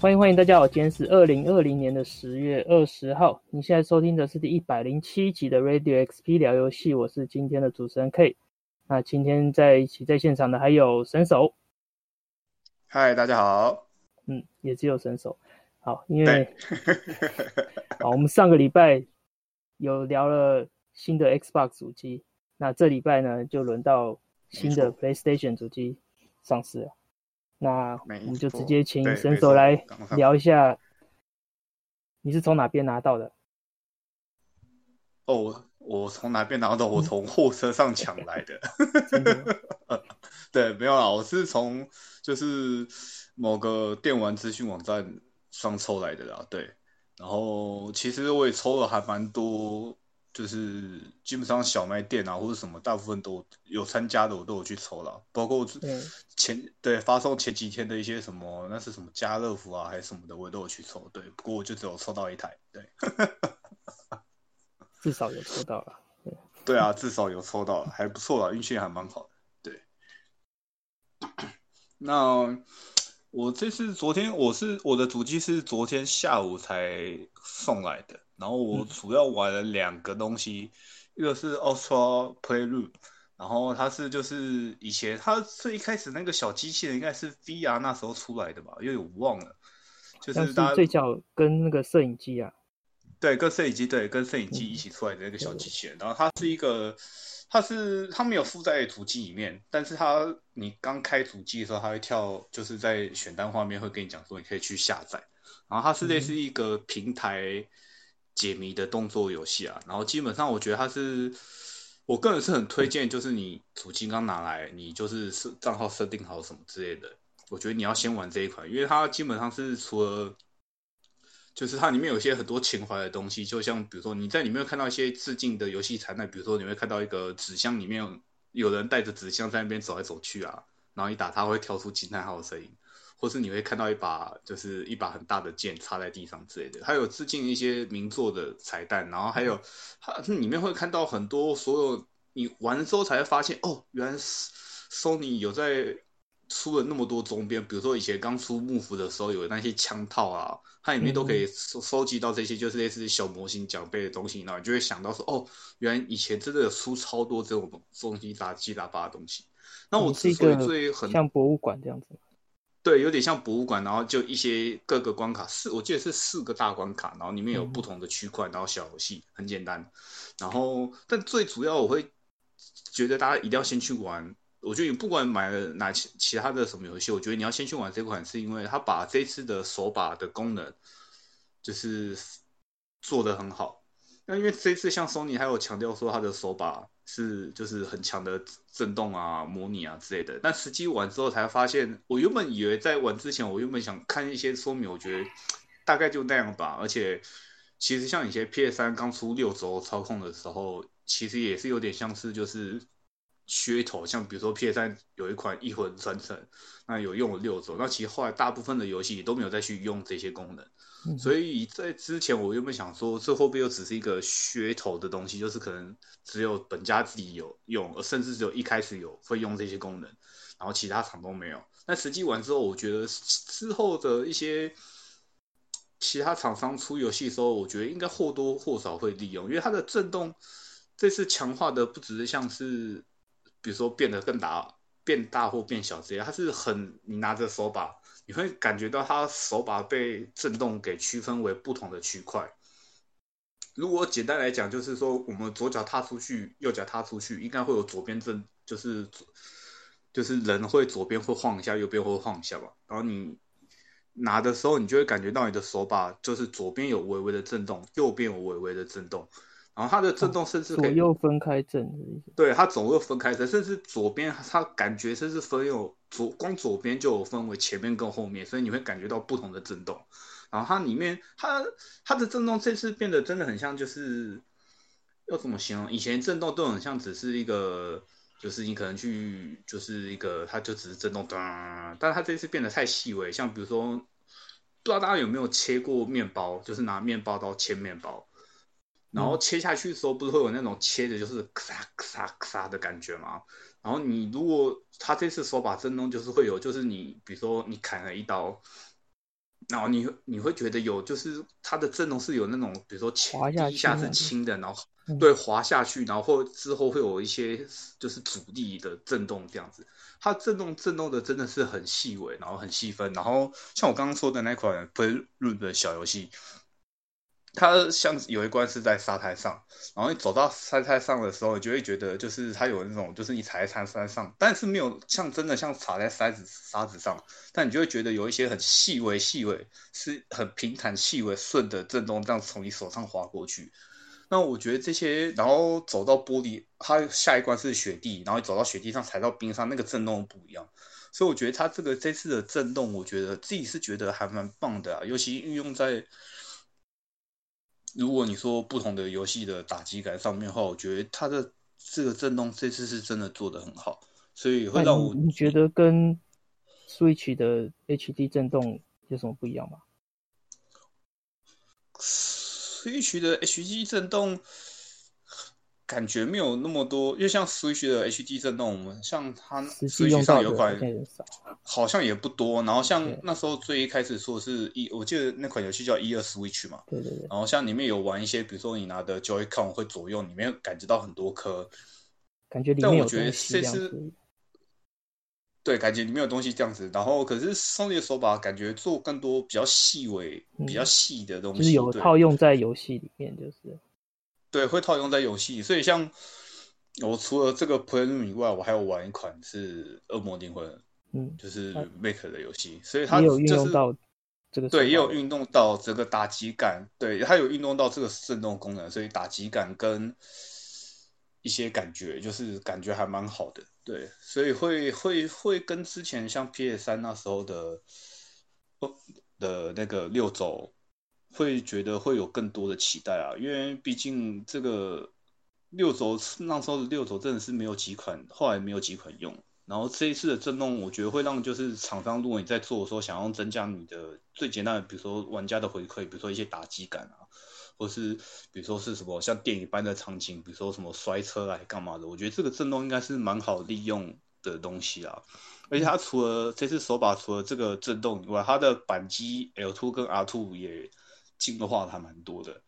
歡迎歡迎大家好，今天是二零二零年的十月二十號。你現在收聽的是第一百零七集的 Radio XP 聊遊戲，我是今天的主持人 K。那今天在一起在現場的還有神手。嗨，大家好。嗯，也只有神手。好，因為，對 好，我們上個禮拜有聊了新的 Xbox 主機，那這禮拜呢就輪到新的 PlayStation 主機上市了。那我們就直接請神手來聊一下，你是從哪邊拿到的？哦，我從哪邊拿到？我從貨車上搶來的。 對，沒有啦，我是從就是某個電玩資訊網站上抽來的啦。對，然後其實我也抽了還蠻多。就是基本上小賣店啊，或者什麼，大部分都有參加的，我都有去抽了，包括我前對發送前幾天的一些什麼，那是什麼家樂福啊，還是什麼的，我也都有去抽，對。不過我就只有抽到一臺，對。對啊，至少有抽到了，對啊，至少有抽到了，還不錯了，運氣還蠻好的，對。那我這次昨天我是我的主機是昨天下午才送來的。然後我主要玩了兩個東西，嗯、一個是 Astro's Playroom 然後它是就是以前它最開始那個小機器人應該是 VR 那時候出來的吧，因為我忘了，就是它最早跟那個攝影機啊，對，跟攝影機，對，跟攝影機一起出來的那個小機器人。嗯、然後它是一個，它是它沒有附在主機裡面，但是它你剛開主機的時候，它會跳，就是在選單畫面會跟你講說你可以去下載。然後它是類似一個平台。嗯解謎的動作遊戲啊，然後基本上我覺得它是，我個人是很推薦，就是你主機剛拿來，你就是設賬號設定好什麼之類的，我覺得你要先玩這一款，因為它基本上是除了，就是它裡面有些很多情懷的東西，就像比如說你在裡面看到一些致敬的遊戲彩蛋，比如說你會看到一個紙箱裡面有人帶着紙箱在那邊走來走去啊，然後你打它會跳出驚嘆號的聲音。或是你會看到一把，就是一把很大的劍插在地上之類的。它有致敬一些名作的彩蛋，然後還有它裡面會看到很多，所有你玩的時候才會發現，哦，原來 Sony 有在出了那麼多周邊。比如說以前剛出 Move 的時候，有那些槍套啊，它裡面都可以收收集到這些，就是類似小模型獎盃的東西。嗯、然後你就會想到說，哦，原來以前真的有出超多這種東西雜七雜八的東西。那我之所以最很像博物館這樣子。對，有點像博物館，然後就一些各個關卡，四，我記得是四個大關卡，然後裡面有不同的區塊，然後小遊戲很簡單，然後但最主要我會覺得大家一定要先去玩，我覺得你不管買了哪其其他的什麼遊戲，我覺得你要先去玩這款，是因為它把這次的手把的功能就是做得很好，那因為這次像索尼還有強調說它的手把。是，就是很強的震動啊、模擬啊之類的。但實際玩之後才發現，我原本以為在玩之前，我原本想看一些說明，我覺得大概就那樣吧。而且，其實像以前 PS 三剛出六軸操控的時候，其實也是有點像是就是噱頭。像比如說 PS 三有一款《一魂傳承》，那有用了六軸，那其實後來大部分的遊戲也都沒有再去用這些功能。嗯、所以在之前，我原本想說，這會不會又只是一個噱頭的東西？就是可能只有本家自己有用，而甚至只有一開始有會用這些功能，然後其他廠都沒有。但實際玩之後，我覺得之後的一些其他廠商出遊戲的時候，我覺得應該或多或少會利用，因為它的震動，這次強化的不只是像是，比如說變得更大、變大或變小這些，它是很，你拿着手把。你會感覺到它手把被震動給區分為不同的區塊。如果簡單來講，就是說我們左腳踏出去，右腳踏出去，應該會有左邊震，就是就是人會左邊會晃一下，右邊會晃一下吧。然後你拿的時候，你就會感覺到你的手把就是左邊有微微的震動，右邊有微微的震動。然後它的震動甚至可以、哦、左右分開震，對，它總會分開震，甚至左邊它感覺甚至分有，左光左邊就有分為前面跟後面，所以你會感覺到不同的震動。然後它裡面，它它的震動這次變得真的很像，就是要怎麼形容？以前震動都很像，只是一個，就是你可能去，就是一個，它就只是震動噔，但它這次變得太細微，像比如說，不知道大家有沒有切過麵包，就是拿麵包刀切麵包。然後切下去的時候，不是會有那種切的就是咔嚓、咔嚓、咔嚓的感覺嗎？然後你如果他這次手把震動，就是會有，就是你比如說你砍了一刀，然後你你會覺得有，就是它的震動是有那種，比如說切一下是輕的，然後對滑下去，然後之後會有一些就是阻力的震動這樣子。它震動震動的真的是很細微，然後很細分。然後像我剛剛說的那一款飛入的小遊戲。它像有一關是在沙灘上，然後你走到沙灘上的時候，你就會覺得就是它有那種，就是你踩在沙灘上，但是沒有像真的像踩在沙子沙子上，但你就會覺得有一些很細微、微、細微是很平坦、細微順的震動，這樣從你手上滑過去。那我覺得這些，然後走到玻璃，它下一關是雪地，然後走到雪地上踩到冰上，那個震動不一樣。所以我覺得它這個這次的震動，我覺得自己是覺得還蠻棒的啊，尤其運用在。如果你說不同的遊戲的打擊感上面的話，我覺得它的這個震動這次是真的做得很好，所以會讓我，你，你覺得跟 Switch 的 HD 震動有什麼不一樣嗎？Switch 的 HD 震動。感覺沒有那麼多，因為像 Switch 的 HD 震動，我們像它 Switch 上有款，好像也不多。然後像那時候最一開始說的是一，對對對，我記得那款遊戲叫《一二 Switch》嘛。對對對，然後像裡面有玩一些，比如說你拿的 Joy Con 會左右，你沒有感覺到很多顆。感覺裡面有東西。但我覺得這是，對，感覺裡面有東西這樣子。然後，可是 Sony 的手把感覺做更多比較細微、嗯、比較細的東西，就是有套用在遊戲裡面，就是。對，會套用在遊戲，所以像我除了這個《Playroom》以外，我還有玩一款是《惡魔靈魂》，嗯，就是 Remake 的遊戲，嗯、所以它、就是、有運動到這個，對，也有運動到這個打擊感，對，它有運動到這個震動功能，所以打擊感跟一些感覺就是感覺還蠻好的，對，所以會會會跟之前像 PS 三那時候的哦的那個六軸，會覺得會有更多的期待啊，因為畢竟這個六軸那時候的六軸真的是沒有幾款，後來沒有幾款用。然後這一次的震動，我覺得會讓就是廠商，如果你在做的時候想要增加你的最簡單的，比如說玩家的回饋，比如說一些打擊感啊，或是比如說是什麼像電影般的場景，比如說什麼摔車啊幹嘛的，我覺得這個震動應該是蠻好利用的東西啊，而且它除了這次手把除了這個震動以外，它的扳機 L two 跟 R two 也。進的話還蠻多的，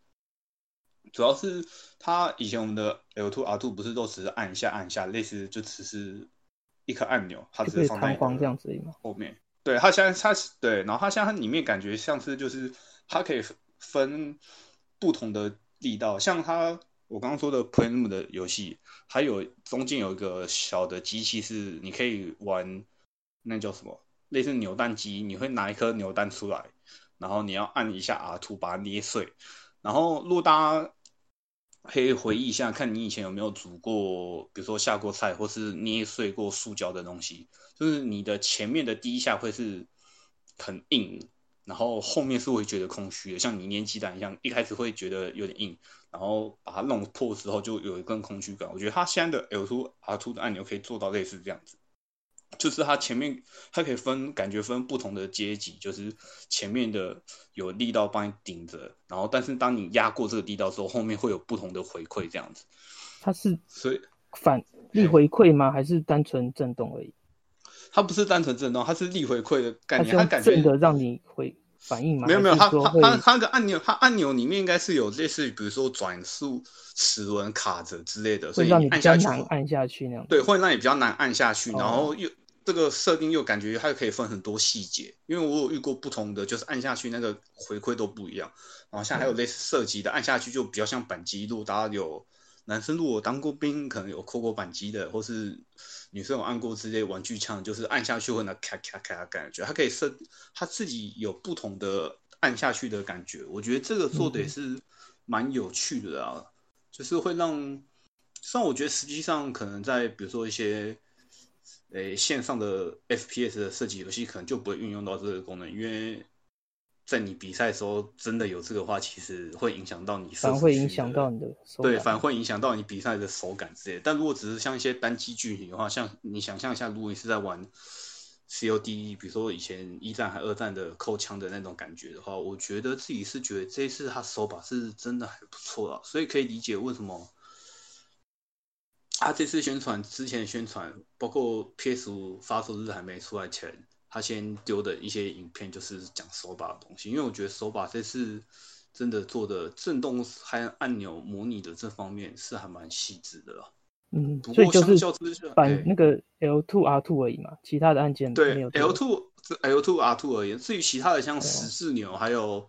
主要是它以前我們的 L two R two 不是都只是按一下按一下，類似就只是一顆按鈕，它只是放在這樣子後面。對，它現在它，對，然後它現在它裡面感覺像是就是它可以分不同的力道，像它我剛剛說的 Playroom 的遊戲，還有中間有一個小的機器是你可以玩那叫什麼，類似扭蛋機，你會拿一顆扭蛋出來。然後你要按一下 R2 把它捏碎，然後如果大家可以回憶一下，看你以前有沒有煮過，比如說下過菜或是捏碎過塑膠的東西，就是你的前面的第一下會是很硬，然後後面是會覺得空虛的，像你捏雞蛋一樣，一開始會覺得有點硬，然後把它弄破之後就有一根空虛感。我覺得它現在的 L2、R2 的按鈕可以做到類似這樣子。就是它前面它可以分，感覺分不同的階級。就是前面的有力道幫你頂着，然後但是當你壓過這個力道之後，後面會有不同的回饋這樣子。它是所以反力回饋嗎？以嗯，還是單純震動而已？它不是單純震動，它是力回饋的概念。它感覺的讓你回反應嗎？沒有沒有，它它它那個按鈕，它按鈕裡面應該是有類似於比如說轉速齒輪卡着之類的，所以讓你按下去，按下去那樣。對，會讓你比較難按下去，哦，然後又。這個設定又感覺它可以分很多細節，因為我有遇過不同的，就是按下去那個回饋都不一樣。然後像還有類似射擊的，按下去就比較像扳機。如果大家有男生，如果當過兵，可能有扣過扳機的，或是女生有按過之類玩具槍，就是按下去會那咔咔咔感覺。它可以設，它自己有不同的按下去的感覺。我覺得這個做的也是蠻有趣的啊，就是會讓，雖然我覺得實際上可能在比如說一些。誒、欸，線上的 FPS 的設計遊戲可能就不會運用到這個功能，因為在你比賽的時候真的有這個話，其實會影響到你，反而會影響到你的手感，對，反而會影響到你比賽的手感之類的。但如果只是像一些單機劇情的話，像你想象一下，如果你是在玩 COD，比如說以前一戰還二戰的扣槍的那種感覺的話，我覺得自己是覺得這一次他手把是真的還不錯啊。所以可以理解為什麼。他、啊、這次宣傳，之前宣傳，包括 PS 五發售日還沒出來前，他先丟的一些影片就是講手把的東西，因為我覺得手把這次真的做的震動還有按鈕模擬的這方面是還蠻細緻的。嗯，不過相較只是版那個 L two R two 而已嘛，對其他的按鍵對，對 L two L two R two 而言，至於其他的像十字鈕還有，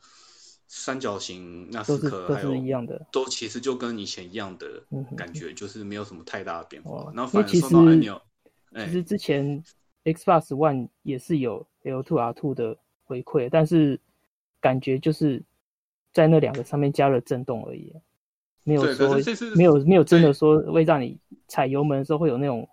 三角形那四顆，都是一樣的，都其實就跟以前一樣的感覺，就是沒有什麼太大的變化，嗯。了那反而送到、欸、其實之前 Xbox One 也是有 L Two R Two 的回饋，但是感覺就是在那兩個上面加了震動而已，沒有說對對對，沒有沒有真的說會讓你踩油門的時候會有那種。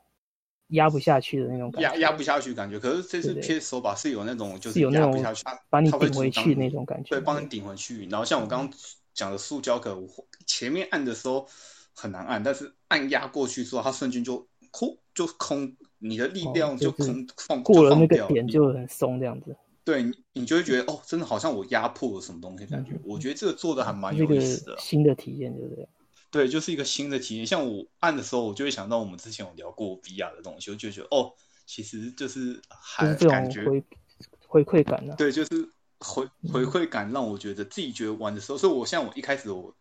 壓不下去的那種感覺，壓壓不下去的感覺，可是這次貼手把是有那種就是壓不下去，對對它把你頂回去那種感覺，對，幫你頂回去。對對然後像我剛剛講的塑膠殼，我前面按的時候很難按，但是按壓過去之後，它瞬間就空，就空，你的力量就空，哦就是，放，就放了過了那個點就很鬆這樣子。對，你就會覺得哦，真的好像我壓迫了什麼東西感覺。嗯、我覺得這個做的還蠻有意思的，這個新的體驗就這樣。對，就是一個新的體驗。像我按的時候，我就會想到我們之前有聊過 VR 的東西，我就覺得哦，其實就是還感覺是回饋感的、啊。對，就是回回饋感，讓我覺得自己覺得玩的時候，嗯、所以，我像我一開始我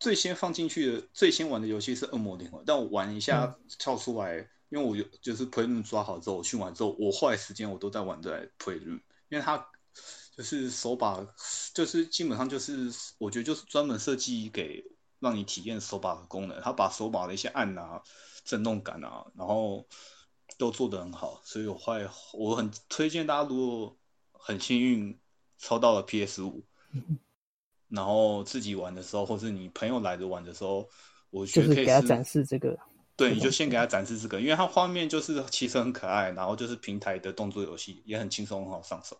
最先放進去的、最先玩的遊戲是《惡魔靈魂》，但我玩一下跳出來，嗯、因為我有就是 Playroom 抓好之後，我去玩之後，我後來時間我都在玩在 Playroom，因為它就是手把，就是基本上就是我覺得就是專門設計給。讓你體驗手把的功能，他把手把的一些按吶、啊、震動感啊，然後都做得很好，所以我會我很推薦大家，如果很幸運抽到了 PS 五， 然後自己玩的時候，或是你朋友來的玩的時候，我覺得可以給他展示這個，對，你就先給他展示這個，這個因為它畫面就是其實很可愛，然後就是平台的動作遊戲也很輕鬆，很好上手，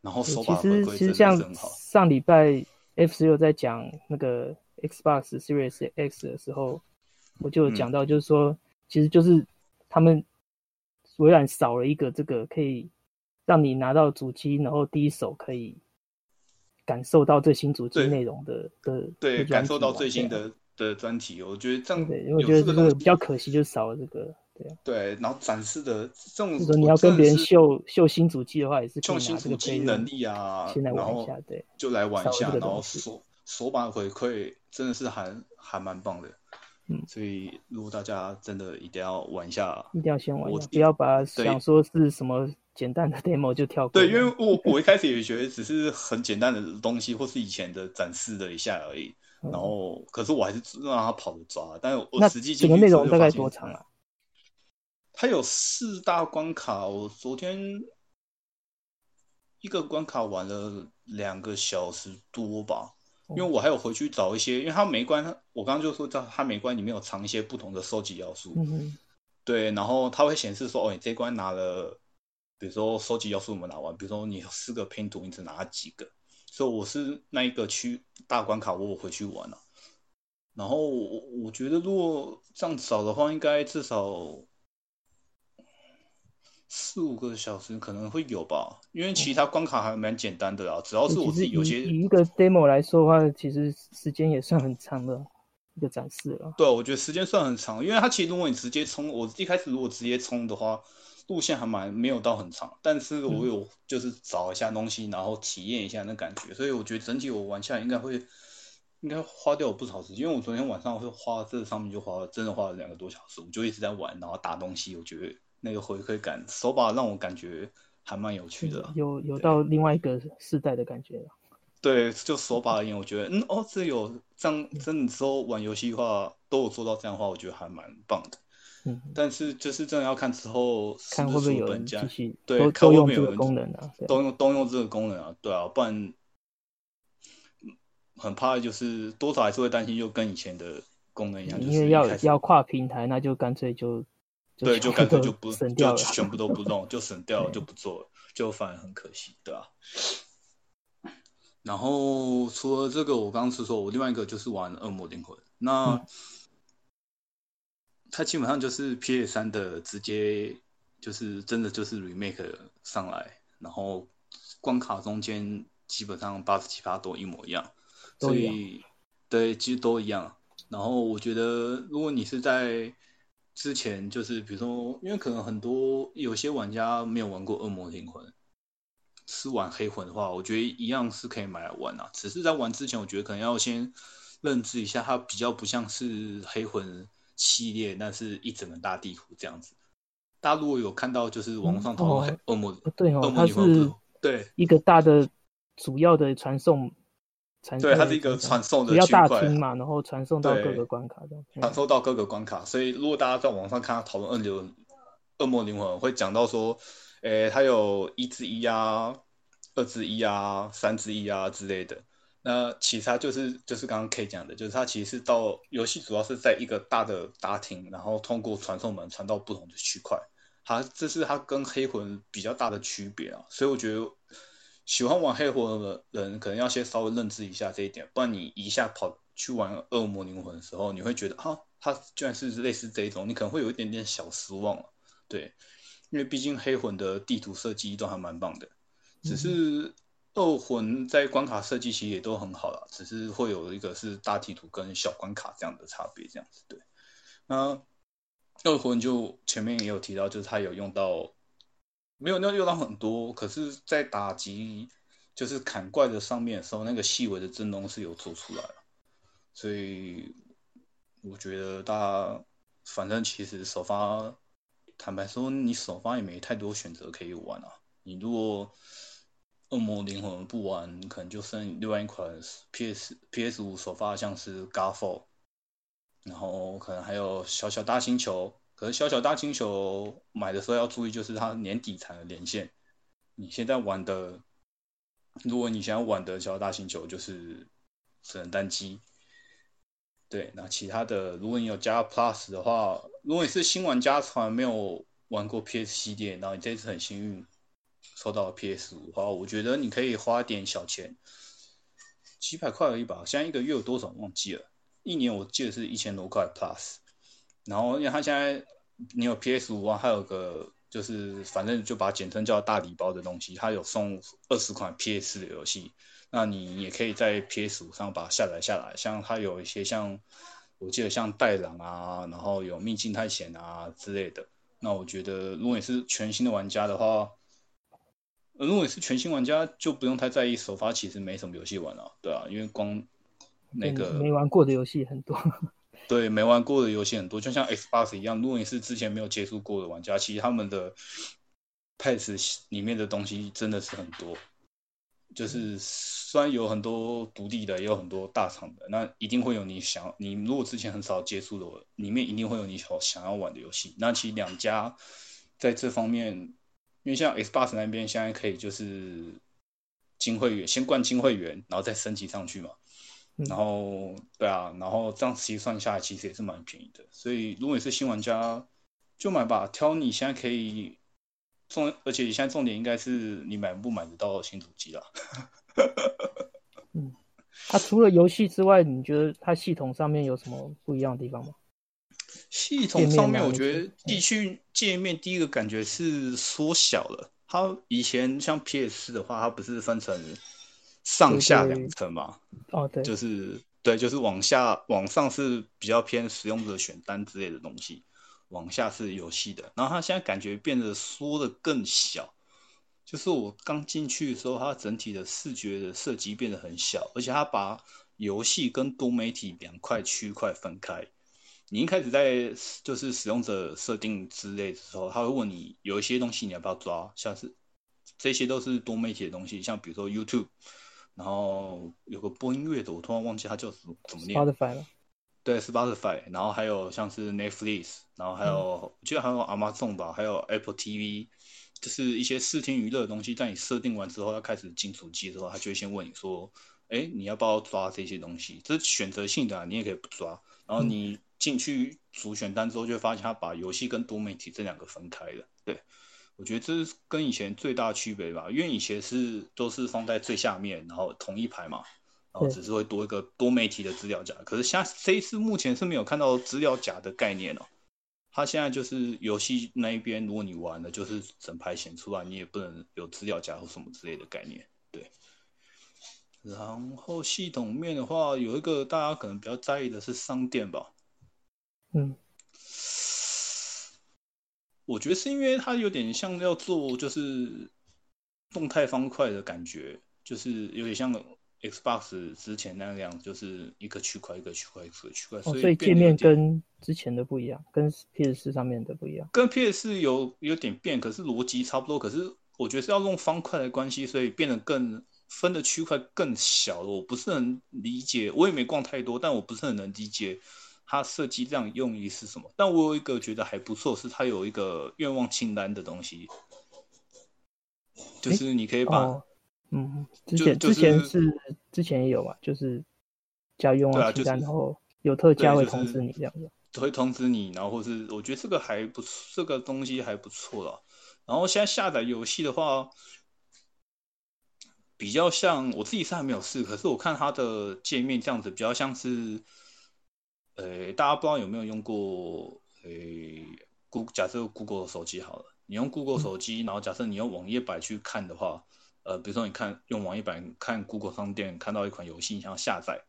然後手把回歸的也很好。其實，其實像上禮拜 F 十六在講那個。Xbox Series X 的時候，我就有講到，就是說，嗯、其實就是他們微軟少了一個這個可以讓你拿到主機，然後第一手可以感受到最新主機內容的對的。對，感受到最新的的專題，對對對，我覺得這樣子，因為我覺得這個比較可惜，就少了這個。對對，然後展示的，這種，你要跟別人秀秀新主機的話，也是用新主機能力啊，先來玩一下，對，就來玩一下，然後手手把回饋。真的是還還蠻棒的，嗯，所以如果大家真的一定要玩一下，一定要先玩一下，我不要把想說是什麼簡單的 demo 對就跳過。對，因為我我一開始也覺得只是很簡單的東西， 或是以前的展示了一下而已，然後、嗯、可是我還是讓他跑着抓，但是我，那我實際整個內容大概多長啊，嗯？它有四大關卡，我昨天一個關卡玩了兩個小時多吧。因為我還有回去找一些，因為它每關他，我剛剛就說在它每關裡面有藏一些不同的收集要素，嗯、哼對，然後它會顯示說，哦，你這關拿了，比如說收集要素我們拿完，比如說你有四個拼圖，你只拿了幾個，所以我是那一個區大關卡，我我回去玩了、啊，然後我我覺得如果這樣找的話，應該至少。四五個小時可能會有吧，因為其他關卡還蠻簡單的啊，主、嗯、要是我自己有些以，以一個 demo 來說的話，其實時間也算很長的一個展示了。對，我覺得時間算很長，因為它其實如果你直接衝，我一開始如果直接衝的話，路線還蠻沒有到很長，但是我有就是找一下東西，然後體驗一下那感覺，嗯、所以我覺得整體我玩下來應該會應該花掉不少時間，因為我昨天晚上我會花這個、上面就花了，真的花了兩個多小時，我就一直在玩，然後打東西，我覺得。那個回饋感，手把讓我感覺還蠻有趣的、啊嗯，有有到另外一個世代的感覺了、啊。對，就手把而言，我覺得，嗯，哦，這有這樣，真的之後玩遊戲的話都有做到這樣的話，我覺得還蠻棒的。嗯，但是就是真的要看之後是是看會不會有這樣，對，看有沒有功能啊，都用都用這個功能啊，對啊，不然很怕就是多少還是會擔心，就跟以前的功能一樣，嗯、因為要要跨平台，那就乾脆就。對，就乾脆就不，就全部都不弄，就省掉， 對 就不做了，就反而很可惜，對吧、啊？ 然後除了這個，我剛剛是說，我另外一個就是玩《惡魔靈魂》，那、嗯、它基本上就是 P.S. 三的直接，就是真的就是 remake 上來，然後關卡中間基本上八十七趴都一模一樣，所以對，其實都一樣。然後我覺得，如果你是在之前就是，比如說，因為可能很多有些玩家沒有玩過《惡魔靈魂》，是玩《黑魂》的話，我覺得一樣是可以買來玩啊，只是在玩之前，我覺得可能要先認知一下，它比較不像是《黑魂》系列，那是一整個大地圖這樣子。大家如果有看到就是網絡上討論《惡、嗯哦、魔》它是 對，《惡魔靈魂》對，一個大的主要的傳送。對，它是一個傳送的區塊嘛，然後傳送到各個關卡的。傳送到各個關卡，嗯、所以如果大家在網上看到討論《惡流》、《惡魔靈魂》，會講到說，誒、欸，它有一至一啊，二至一啊，三至一啊之類的。那其實就是就是剛剛 K 講的，就是它其實是到遊戲主要是在一個大的大廳，然後通過傳送門傳到不同的區塊。好，這是它跟黑魂比較大的區別啊。所以我覺得。喜歡玩黑魂的人可能要先稍微認知一下這一點，不然你一下跑去玩惡魔靈魂的時候，你會覺得啊，它居然是類似這一種，你可能會有一點點小失望，對，因為畢竟黑魂的地圖設計都還蠻棒的，只是惡魂在關卡設計其實也都很好了，只是會有一個是大地圖跟小關卡這樣的差別，這樣子對。那惡魂就前面也有提到，就是它有用到。沒有，那就用到很多。可是，在打擊就是砍怪的上面的時候，那個細微的震動是有做出來了。所以，我覺得大家反正其實首發，坦白說，你首發也沒太多選擇可以玩啊。你如果惡魔靈魂不玩，你可能就剩另外一款 P S P S 五首發的，像是 Godfall，然後可能還有小小大星球。可是小小大星球買的時候要注意，就是它年底才能連線。你現在玩的，如果你想要玩的小小大星球，就是只能單機。對，那其他的，如果你有加 Plus 的話，如果你是新玩家從來沒有玩過 PS 系列，然後你這次很幸運收到了 PS 五的話，我覺得你可以花點小錢，幾百塊而已吧，好像一個月有多少忘記了？一年我記得是一千多塊 Plus。然後，因為它現在你有 PS 五啊，還有個就是，反正就把它簡稱叫大禮包的東西，它有送二十款 PS 四的遊戲。那你也可以在 PS 五上把它下載下來。像它有一些像，我記得像《戴狼》啊，然後有《秘境探險》啊之類的。那我覺得，如果你是全新的玩家的話，呃、如果你是全新玩家，就不用太在意首發，手其實沒什麼遊戲玩了，對啊，因為光那個沒玩過的遊戲很多。對，沒玩過的遊戲很多，就像 Xbox 一樣。如果你是之前沒有接觸過的玩家，其實他們的 PS Plus 裡面的東西真的是很多。就是雖然有很多獨立的，也有很多大廠的，那一定會有你想，你如果之前很少接觸的，裡面一定會有你所想要玩的遊戲。那其實兩家在這方面，因為像 Xbox 那邊現在可以就是金會員先灌金會員，然後再升級上去嘛。然後，對啊，然後這樣實際算下來，其實也是蠻便宜的。所以，如果你是新玩家，就買吧，挑你現在可以重，而且你現在重點應該是你買不買得到新主機了。 嗯，它、啊、除了遊戲之外，你覺得它系統上面有什麼不一樣的地方嗎？系統上面，我覺得地區界面第一個感覺是縮小了。它以前像 PS 的話，它不是分成。上下兩層嘛，哦對，對，就是、哦、對，對，就是往下往上是比較偏使用者選單之類的東西，往下是遊戲的。然後它現在感覺變得縮得更小，就是我剛進去的時候，它整體的視覺的設計變得很小，而且它把遊戲跟多媒體兩塊區塊分開。你一開始在就是使用者設定之類的時候，他會問你有一些東西你要不要抓，像是這些都是多媒體的東西，像比如說 YouTube。然後有個播音樂的，我突然忘記它叫什麼怎麼念。Spotify 了。對，Spotify。然後還有像是 Netflix，然後還有，嗯、我記得還有 Amazon 吧，還有 Apple TV，就是一些視聽娛樂的東西。在你設定完之後，要開始進主機的時候，它就會先問你說：“誒，你要不要抓這些東西？”這是選擇性的，啊，你也可以不抓。然後你進去主選單之後，嗯、就會發現它把遊戲跟多媒體這兩個分開了，對。我覺得這是跟以前最大區別吧，因為以前是都是放在最下面，然後同一排嘛，然後只是會多一個多媒體的資料夾。對可是像這一次目前是沒有看到資料夾的概念哦。它現在就是遊戲那一邊，如果你玩了，就是整排顯出來，你也不能有資料夾或什麼之類的概念。對。然後系統面的話，有一個大家可能比較在意的是商店吧。嗯。我覺得是因為它有點像要做就是動態方塊的感覺，就是有點像 Xbox 之前那樣，就是一個區塊一個區塊一個區塊，所以界面跟之前的不一樣，跟 PS4 上面的不一樣，跟 PS4 有有點變，可是邏輯差不多。可是我覺得是要用方塊的關係，所以變得更分的區塊更小了。我不是很理解，我也沒逛太多，但我不是很能理解。它設計這樣用意是什麼？但我有一個覺得還不錯，是它有一個願望清單的東西，就是你可以把，欸哦、嗯，之前、就是、之前是之前也有吧，就是加願望清單，啊就是、然後有特價會通知你這樣子，就是、會通知你，然後或是我覺得這個還不錯，這個東西還不錯了。然後現在下載遊戲的話，比較像我自己是還沒有試，可是我看它的界面，這樣子比較像是。呃，大家不知道有沒有用過，呃，Google 假設 Google 手機好了，你用 Google 手機，嗯、然後假設你用網頁版去看的話，呃，比如說你看用網頁版看 Google 商店，看到一款遊戲，你想要下載，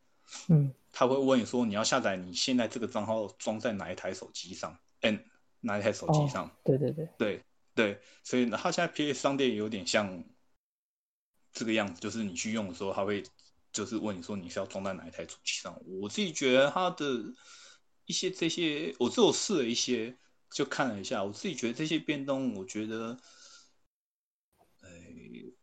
嗯，它會問你說你要下載，你現在這個賬號裝在哪一台手機上？嗯、欸，哪一台手機上、哦？對對對，對對，所以它現在 P S 商店有點像這個樣子，就是你去用的時候，它會。就是問你說你是要裝在哪一台主機上？我自己覺得它的一些這些，我只有試了一些，就看了一下。我自己覺得這些變動，我覺得、哎，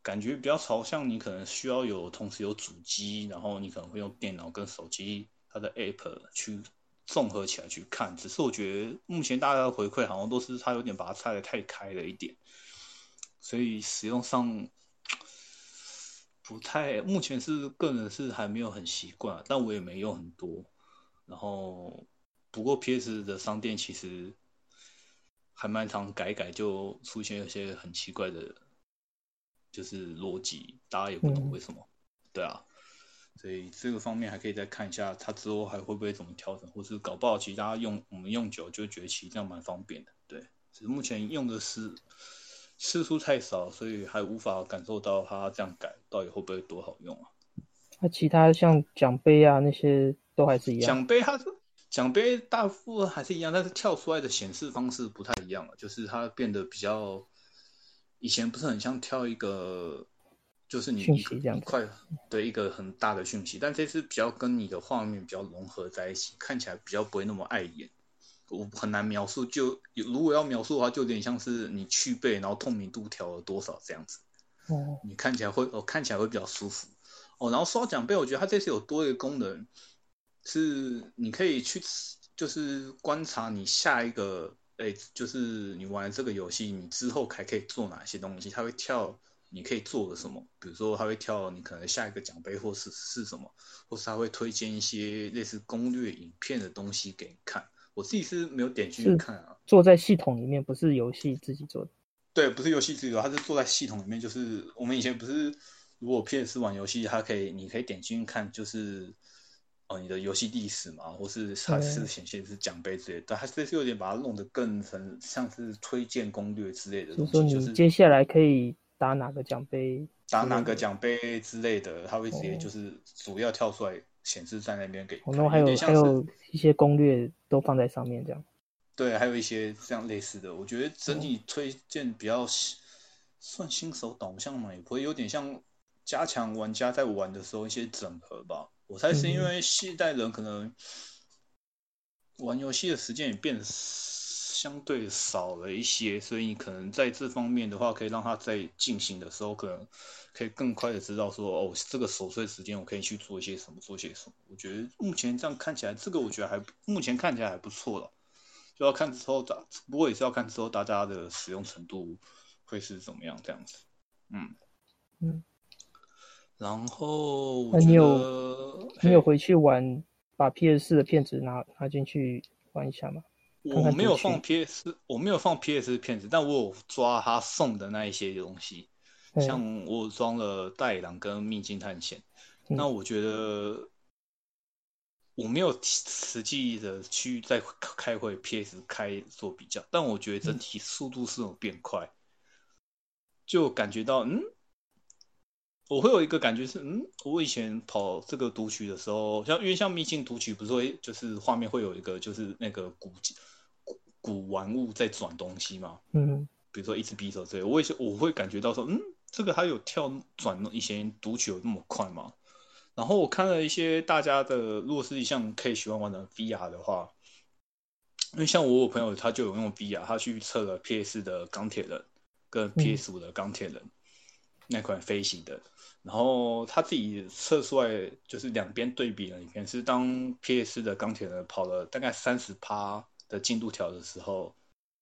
感覺比較朝向你可能需要有同時有主機，然後你可能會用電腦跟手機它的 App 去綜合起來去看。只是我覺得目前大家的回饋好像都是它有點把它拆得太開了一點，所以使用上。不太，目前是個人是還沒有很習慣，但我也沒用很多。然後，不過 PS 的商店其實還蠻常改改，就出現一些很奇怪的，就是邏輯，大家也不懂為什麼。嗯、對啊，所以這個方面還可以再看一下，它之後還會不會怎麼調整，或是搞不好其實大家用我們用久就覺得其實這樣蠻方便的。對，其實目前用的是次數太少，所以還無法感受到它這樣改到底會不會多好用啊？那其他像獎杯啊那些都還是一樣。獎杯它是獎杯大幅還是一樣，但是跳出來的顯示方式不太一樣了，就是它變得比較以前不是很像跳一個，就是你，訊息這樣你快對一個很大的訊息，但這次比較跟你的畫面比較融合在一起，看起來比較不會那麼礙眼。我很難描述就，就如果要描述的話，就有點像是你去背，然後透明度調了多少這樣子。哦，你看起來會，哦，看起來會比較舒服。哦，然後說到獎杯，我覺得它這次有多一個功能，是你可以去，就是觀察你下一個，哎，就是你玩這個遊戲，你之後還可以做哪些東西，它會跳你可以做的什麼，比如說它會跳你可能下一個獎杯，或是是什麼，或是它會推薦一些類似攻略影片的東西給你看。我自己是沒有點進去看啊，坐在系統裡面，不是遊戲自己做的。對，不是遊戲自己做，它是坐在系統裡面，就是我們以前不是，如果 PS 玩遊戲，它可以，你可以點進去看，就是哦，你的遊戲歷史嘛，或是它是顯現是獎杯之類的，對但它這是有點把它弄得更成像是推薦攻略之類的東西，比如說就是接下來可以打哪個獎杯，打哪個獎杯之類的，它會直接就是主要跳出來。哦顯示在那邊給、哦，那我還有,有點像是還有一些攻略都放在上面這樣，對，還有一些這樣類似的，我覺得整體推薦比較、哦、算新手導向嘛，也不會有點像加強玩家在玩的時候一些整合吧，我猜是因為現代人可能玩遊戲的時間也變得。嗯相對少了一些，所以你可能在這方面的話，可以讓他在進行的時候，可能可以更快的知道說，哦，這個瑣碎時間，我可以去做一些什麼，做些什麼。我覺得目前這樣看起來，這個我覺得還目前看起來還不錯了，就要看之後大，不過也是要看之後大家的使用程度會是怎麼樣這樣子。嗯嗯，然後你有、嗯、嘿你有回去玩，把 PS4 的片子拿拿進去玩一下嗎？我沒有放 P S，我沒有放 P S 片子，但我有抓他送的那一些東西，像我裝了《袋狼》跟《秘境探險》對，那我覺得我沒有實際的去在開會 P S 開做比較，但我覺得整體速度是有變快，對就感覺到嗯，我會有一個感覺是嗯，我以前跑這個讀取的時候，像因為像秘境讀取不是會就是畫面會有一個就是那個古蹟。古玩物在轉東西嘛，嗯，比如說一支匕首之類，我也是，我會感覺到說，嗯，這個還有跳轉一些讀取有那麼快嘛，然後我看了一些大家的，如果是像可以喜歡玩的 VR 的話，因為像我有朋友他就有用 VR，他去測了 PS 四的鋼鐵人跟 PS 五的鋼鐵人，嗯、那款飛行的，然後他自己測出來就是兩邊對比的影片，是當 PS 四的鋼鐵人跑了大概三十趴。進度條的時候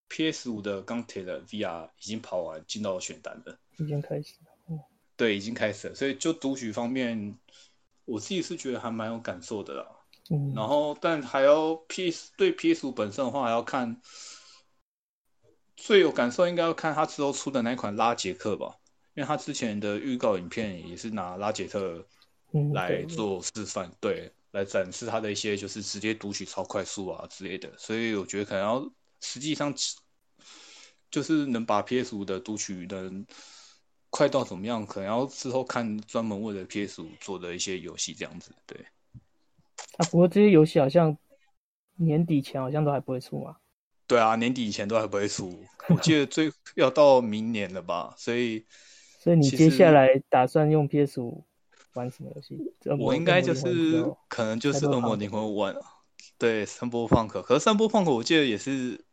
，PS 五的鋼鐵的 VR 已經跑完，進到選單了。已經開始了，嗯、對，已經開始了。所以就讀取方面，我自己是覺得還蠻有感受的啦。嗯，然後但還要 PS，對 PS 五本身的話，還要看最有感受，應該要看它之後出的那款拉傑克吧，因為它之前的預告影片也是拿拉傑克來做示範、嗯，對，對，對。對來展示它的一些，就是直接讀取超快速啊之類的，所以我覺得可能要實際上就是能把 PS 五的讀取能快到怎麼樣？可能要之後看專門為了 PS 五做的一些遊戲這樣子。對。啊，不過這些遊戲好像年底前好像都還不會出啊，對啊，年底以前都還不會出。 我記得最要到明年了吧？所以，所以你接下來打算用 PS 五？玩什麼遊戲？我應該就是可能就是《惡魔靈魂 One》啊，對，《三波放克》。可是《三波放克》我記得也是，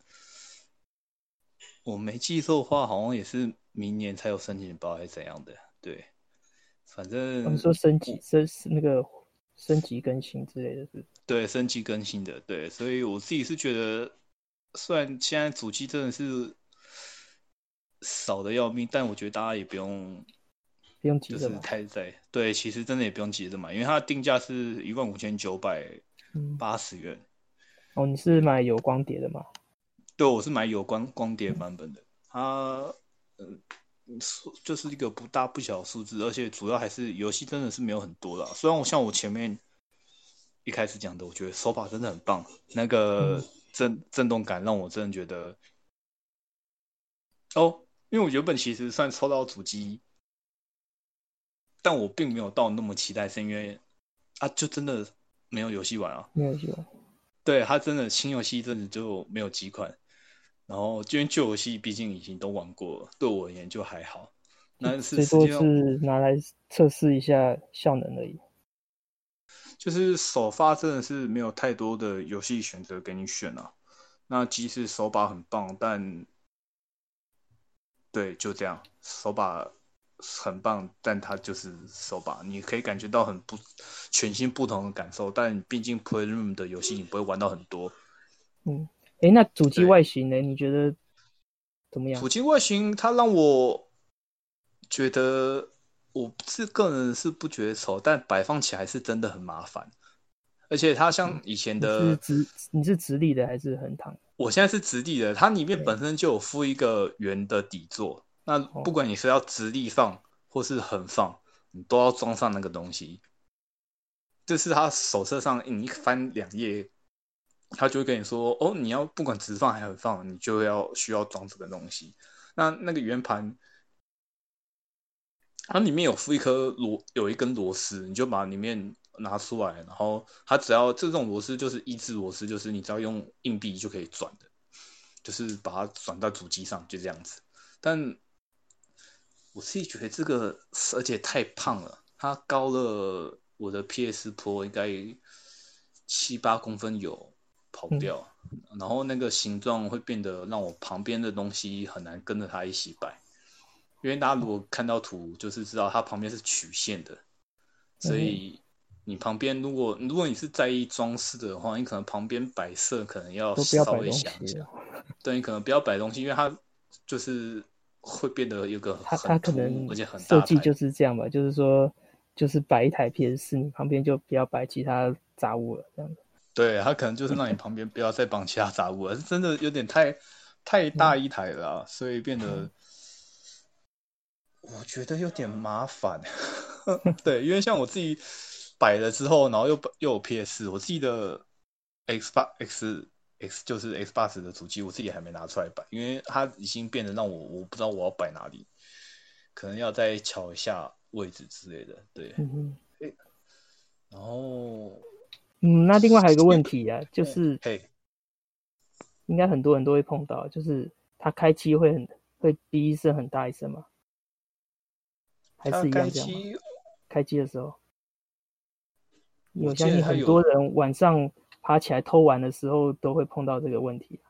我沒記錯的話，好像也是明年才有升級包還是怎樣的。對，反正他們說升級我升那個升級更新之類的，是。對，升級更新的，對，所以我自己是覺得，雖然現在主機真的是少的要命，但我覺得大家也不用。不用急着，就是太在對，其實真的也不用急着買，因為它的定價是一萬五千九百八十元，嗯。哦，你是買有光碟的嗎？對，我是買有光光碟版本的。嗯、它，嗯、呃，數就是一個不大不小的數字，而且主要還是遊戲真的是沒有很多啦。雖然我像我前面一開始講的，我覺得手把真的很棒，那個震、嗯、震動感讓我真的覺得，哦，因為我原本其實算抽到主機。但我並沒有到那麼期待，是因為啊，就真的沒有遊戲玩啊，沒有遊戲玩。對，它真的新遊戲真的就沒有幾款，然後今天舊遊戲畢竟已經都玩過了，對我而言就還好。那是最多是拿來測試一下效能而已。就是首發真的是沒有太多的遊戲選擇給你選啊。那即使手把很棒，但對，就這樣手把，很棒，但它就是手把，你可以感覺到很不全新不同的感受。但畢竟 Playroom 的遊戲，你不會玩到很多。嗯，哎、欸，那主機外形呢？對你覺得怎麼樣？主機外形，它讓我覺得，我是個人是不覺得醜，但擺放起來是真的很麻煩。而且它像以前的、嗯、直，你是直立的還是橫躺？我現在是直立的，它裡面本身就有附一個圓的底座。那不管你是要直立放或是橫放，你都要裝上那個東西。這是他手冊上，你一翻兩頁，他就會跟你說：“哦，你要不管直放還是橫放，你就要需要裝這個東西。”那那個圓盤，它裡面有附一顆螺，有一根螺絲，你就把裡面拿出來，然後它只要這種螺絲就是一字螺絲，就是你只要用硬幣就可以轉的，就是把它轉到主機上，就這樣子。但我自己覺得這個，而且太胖了，它高了我的 PS Pro 應該七八公分有跑不掉，嗯、然後那個形狀會變得讓我旁邊的東西很難跟着它一起擺，因為大家如果看到圖就是知道它旁邊是曲線的，所以你旁邊如果如果你是在意裝飾的話，你可能旁邊擺設可能要稍微想一下，對，你可能不要擺東西，因為它就是。會變得有個很，他他可能設計就是這樣吧，就是說，就是擺一台 PS4，你旁邊就不要擺其他雜物了這樣，對，他可能就是讓你旁邊不要再放其他雜物了，嗯、是真的有點太太大一台了，啊，嗯、所以變得，嗯、我覺得有點麻煩。 對，因為像我自己擺了之後，然後又又有 PS，我記得 X 八 X。X 就是 Xbox 的主機，我自己還沒拿出來擺，因為它已經變得讓我我不知道我要擺哪裡，可能要再瞧一下位置之類的。對，嗯哼欸、然後，嗯，那另外還有一個問題啊，是就是，哎，應該很多人都會碰到，嘿嘿就是它開機會很會嗶一聲很大一聲嘛，還是一樣這樣開機的時候，我，我相信很多人晚上。爬起來偷玩的時候都會碰到這個問題、啊。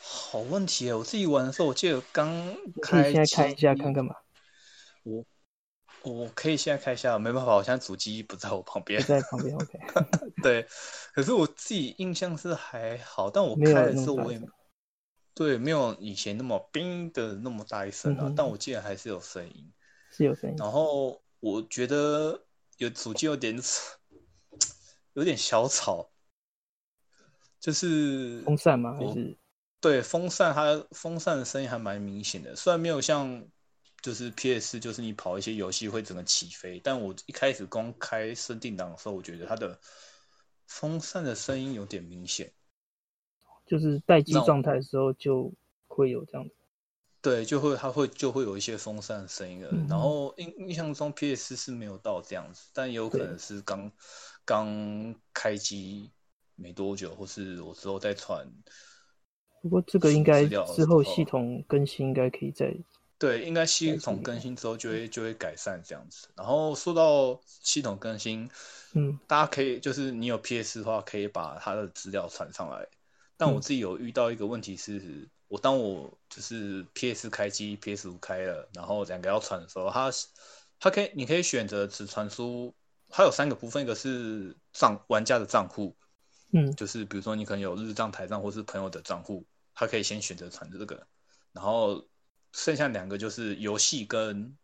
好問題啊、哦！我自己玩的時候，我記得剛開，一下，現在開一下看看嘛。我我可以現在開一下，沒辦法，我現在主機不在我旁邊。欸、在旁邊、okay、 對，可是我自己印象是還好，但我開的時候，我也沒對沒有以前那麼“冰的那麼大一聲啊，嗯、哼但我記得還是有聲音，是有聲音。然後我覺得有主機有點有點小吵。就是風扇嘛，對，風扇它風扇的聲音還蠻明顯的，雖然沒有像就是 P S 就是你跑一些遊戲會整個起飛，但我一開始公開設定檔的時候，我覺得它的風扇的聲音有點明顯，就是待機狀態的時候就會有這樣。對，就會它會就會有一些風扇的聲音而已，然後印印象中 P S 是沒有到這樣子，但也有可能是剛剛開機沒多久，或是我之後再傳。不過這個應該之後系統更新應該可以再對，應該系統更新之後就會、嗯、就會改善這樣子。然後說到系統更新，嗯，大家可以就是你有 P S 的話，可以把它的資料傳上來。但我自己有遇到一個問題是，是、嗯、我當我就是 P S 開機 P S 五開了，然後兩個要傳的時候，它它可以，你可以選擇只傳輸，它有三個部分，一個是賬玩家的賬戶。嗯，就是比如說你可能有日賬、台賬或是朋友的賬戶，他可以先選擇傳這個，然後剩下兩個就是遊戲跟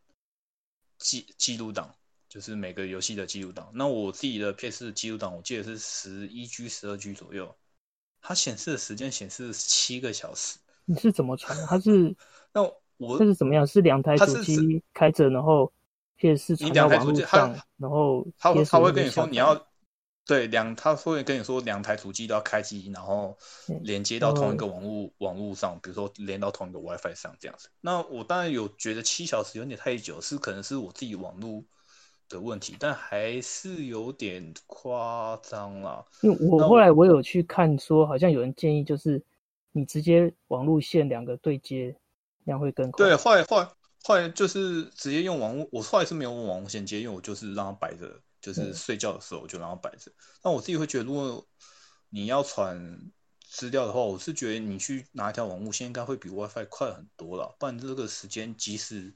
記記錄檔，就是每個遊戲的記錄檔。那我自己的 PS 記錄檔，我記得是十一 G、十二 G 左右，它顯示的時間顯示七個小時。你是怎麼傳的？它是 那我它是，是怎麼樣？是兩台主機開着，然後 PS 傳到網絡上，他然後它它會跟你說你要。 對，兩他會跟你說，兩台主機都要開機，然後連接到同一個網絡、嗯、網絡上，比如說連到同一個 WiFi 上這樣子。那我當然有覺得七小時有點太久，是可能是我自己網絡的問題，但還是有點誇張啦。因為我後來我有去看說，說那好像有人建議就是你直接網路線兩個對接，這樣會更快。對，後來後來後來，就是直接用網絡。我後來是沒有用網路線接，因為我就是讓它擺着。就是睡覺的時候我就然後擺着。嗯、那我自己會覺得，如果你要傳資料的話，我是覺得你去拿一條網路線應該會比 WiFi 快很多了。不然這個時間，即使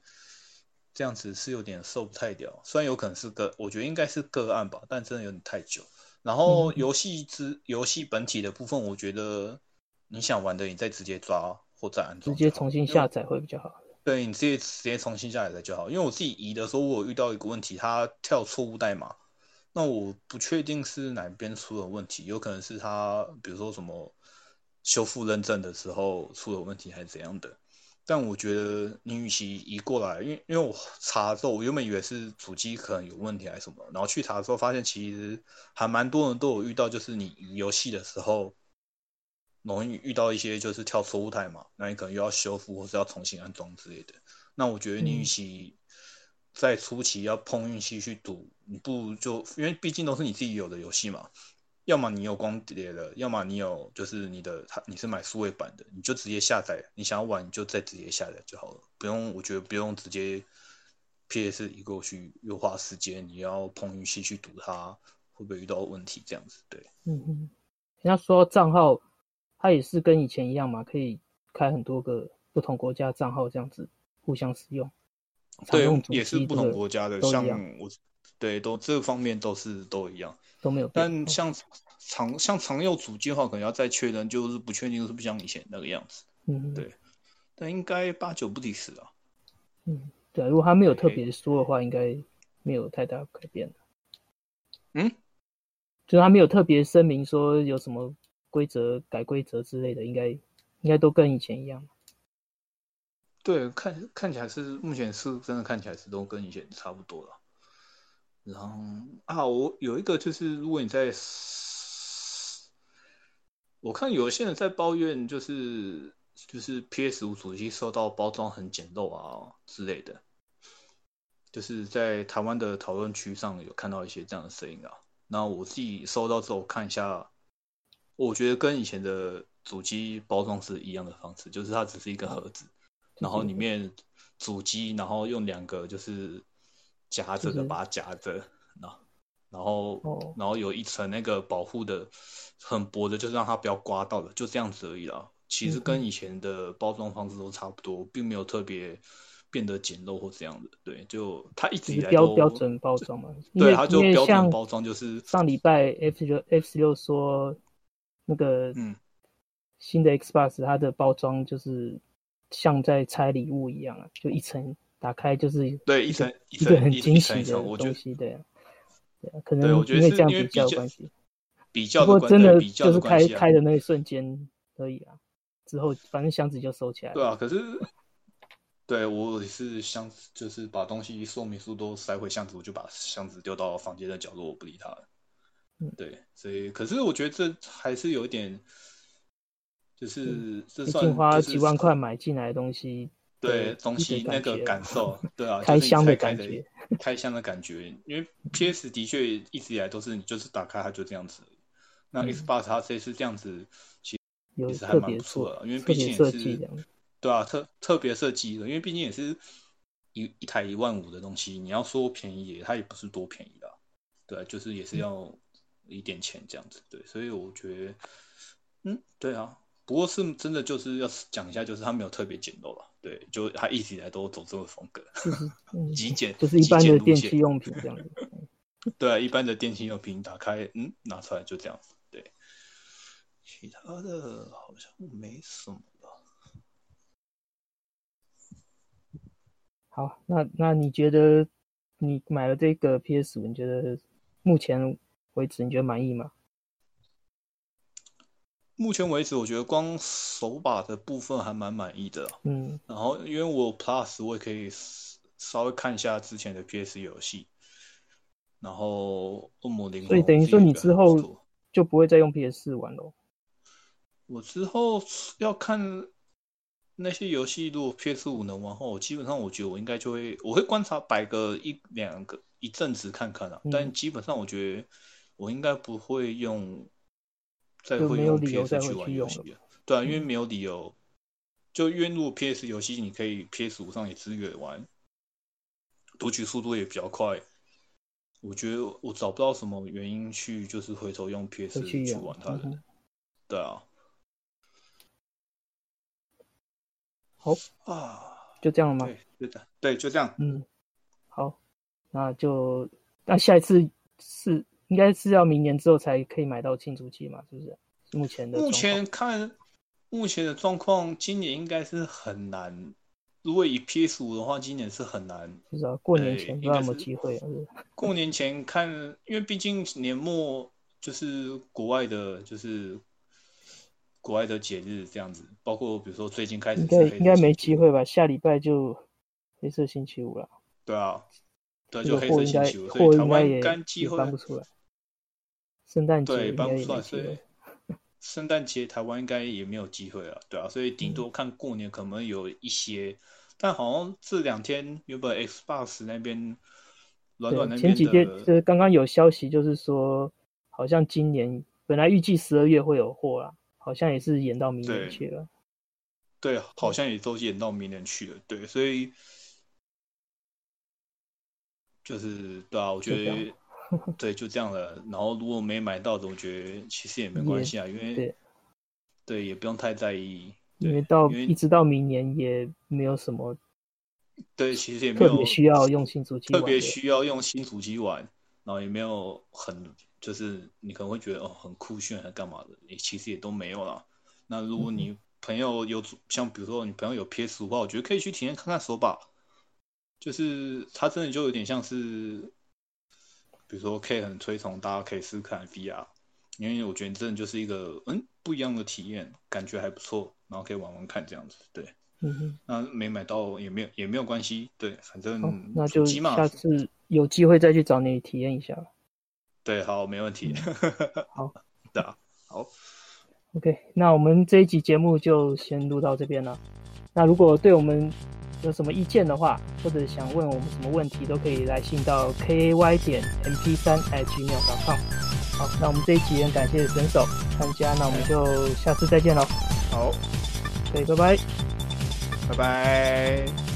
這樣子是有點受不太了，雖然有可能是個，我覺得應該是個案吧，但真的有點太久。然後遊戲之遊戲、嗯、本體的部分，我覺得你想玩的，你再直接抓或再安裝，直接重新下載會比較好。對，你直接直接重新下載來就好，因為我自己移的時候，我有遇到一個問題，它跳錯誤代碼，那我不確定是哪邊出了問題，有可能是它，比如說什麼修復認證的時候出了問題還是怎樣的。但我覺得你與其移過來，因為因為我查的時候，我原本以為是主機可能有問題還是什麼，然後去查的時候發現其實還蠻多人都有遇到，就是你移遊戲的時候。容易遇到一些就是跳錯誤台嘛，那你可能又要修復或是要重新安裝之類的。那我覺得你與其在初期要碰運氣去賭，你不如就因為畢竟都是你自己有的遊戲嘛？要麼你有光碟的，要麼你有就是你的，他你是買數位版的，你就直接下載。你想要玩你就再直接下載就好了，不用我覺得不用直接 PS 移過去，又花時間。你要碰運氣去賭它會不會遇到問題，這樣子，對。嗯嗯。人家說賬號。它也是跟以前一樣嘛，可以開很多個不同國家賬號這樣子互相使用。對，也是不同國家的，像我對，都這個、方面都是都一樣，都沒有變。但像常、哦、像常用主機的話，可能要再確認，就是不確定就是不是像以前那個樣子。嗯，對。但應該八九不離十啊。嗯，對。如果他沒有特別說的話，對應該沒有太大改變。嗯，就是他沒有特別聲明說有什麼。規則改規則之類的，應該應該都跟以前一樣。對，看看起來是目前是真的，看起來是都跟以前差不多了。然後啊，我有一個就是，如果你在我看有些人在抱怨、就是，就是就是 PS 五主機收到包裝很簡陋啊之類的，就是在台灣的討論區上有看到一些這樣的聲音啊。然後我自己收到之後看一下。我覺得跟以前的主機包裝是一樣的方式，就是它只是一個盒子，然後裡面主機，然後用兩個就是夾着的，就是、把它夾着，然後然後，然後有一層那個保護的很薄的，就是讓它不要刮到了，就這樣子而已啦。其實跟以前的包裝方式都差不多，並沒有特別變得簡陋或這樣的。對，就它一直以來標標準包裝嘛，就為對，它就標準包裝，就是上禮拜 F16 F16 說。那個嗯，新的 Xbox 它的包裝就是像在拆禮物一樣啊，嗯、就一層打開就是一個，對，一層一個很驚喜的東西，對、啊，對啊，可能因為這樣子比較關係，比較不過真的就是開的、啊、開的那一瞬間而已啊，之後反正箱子，就收起來了。對啊，可是對我是箱子，就是把東西說明書都塞回箱子，我就把箱子丟到房間的角落，我不理它了。對，所以可是我覺得這還是有一點，就是這算花幾萬塊買進來的東西，對，東西那個感受，對啊，開箱的感覺，開箱的感覺，因為 PS 的確一直以來都是你就是打開它就這樣子，那 Xbox 它這次這樣子其實還蠻不錯的，因為畢竟也是對啊，特特別設計的，因為畢竟也是一一台一萬五的東西，你要說便宜，它也不是多便宜的，對，就是也是要。一點錢這樣子，對，所以我覺得，嗯，對啊，不過是真的就是要講一下，就是他沒有特別簡陋了，對，就他一直以來都走這種風格，就是極、嗯、簡，就是一般的電器用品這樣子，樣子 對、啊，一般的電器用品打開，嗯，拿出來就這樣子，對，其他的好像沒什麼吧。好，那那你覺得你買了這個 PS，你覺得目前？為止你覺得滿意嗎？目前為止，我覺得光手把的部分還蠻滿意的。嗯，然後因為我 Plus，我也可以稍微看一下之前的 PS 遊戲，然後惡魔靈魂。所以等於說你之後就不會再用 PS 四玩了。我之後要看那些遊戲，如果 PS 五能玩後，我基本上我覺得我應該就會，我會觀察擺個一兩個一陣子看看啊。嗯、但基本上我覺得。我應該不會用，再會用 PS 去玩遊戲，對啊，嗯、因為沒有理由，就因為如果 PS 遊戲你可以 PS 五上也支援玩，讀取速度也比較快，我覺得我找不到什麼原因去就是回頭用 PS 去玩它的。對啊。好啊，就這樣了嗎？對，對，就這樣。嗯，好，那就那下一次是。應該是要明年之後才可以買到慶祝季嘛，就是不是？目前的目前看，目前的狀況，今年應該是很難。如果以 PS 五的話，今年是很難。至少、啊、過年前不知道有沒有機會。對是過年前看，因為畢竟年末就是國外的，就是國外的節日這樣子，包括比如說最近開始應，應該應該沒機會吧？下禮拜就黑色星期五了。對啊，對，就黑色星期五，貨應該也幹不出來。聖誕節對，幫算是。聖誕節台灣應該也沒有機會了， 對啊，所以頂多看過年可能有一些，嗯，但好像這兩天原本 Xbox 那邊，軟軟對的前幾天就是剛剛有消息，就是說好像今年本來預計十二月會有貨了，好像也是延到明年去了對。對，好像也都延到明年去了。對，所以就是對啊，我覺得。 對，就這樣了。然後如果沒買到的，我覺得其實也沒關係啊，因為對，也不用太在意。因為到，因為一直到明年也沒有什麼。對，其實也沒有特別需要用新主機玩，特別需要用新主機玩，然後也沒有很，就是你可能會覺得哦，很酷炫，還幹嘛的？也其實也都沒有啦。那如果你朋友有，嗯、像比如說你朋友有 PS 五吧，我覺得可以去體驗看看手把，就是它真的就有點像是。比如說，K 很推崇，大家可以試試看 VR，因為我覺得真的就是一個嗯不一樣的體驗，感覺還不錯，然後可以玩玩看這樣子。對，嗯哼，那沒買到也沒有也沒有關係，對，反正、哦、那就下次有機會再去找你體驗一下。對，好，沒問題。嗯、 好，對，好。OK，那我們這一集節目就先錄到這邊了。那如果對我們，有什麼意見的話，或者想問我們什麼問題，都可以來信到 k a y 點 m p 三 at gmail.com。好，那我們這一集也很感謝選手參加，那我們就下次再見嘍。好，對，拜拜，拜拜。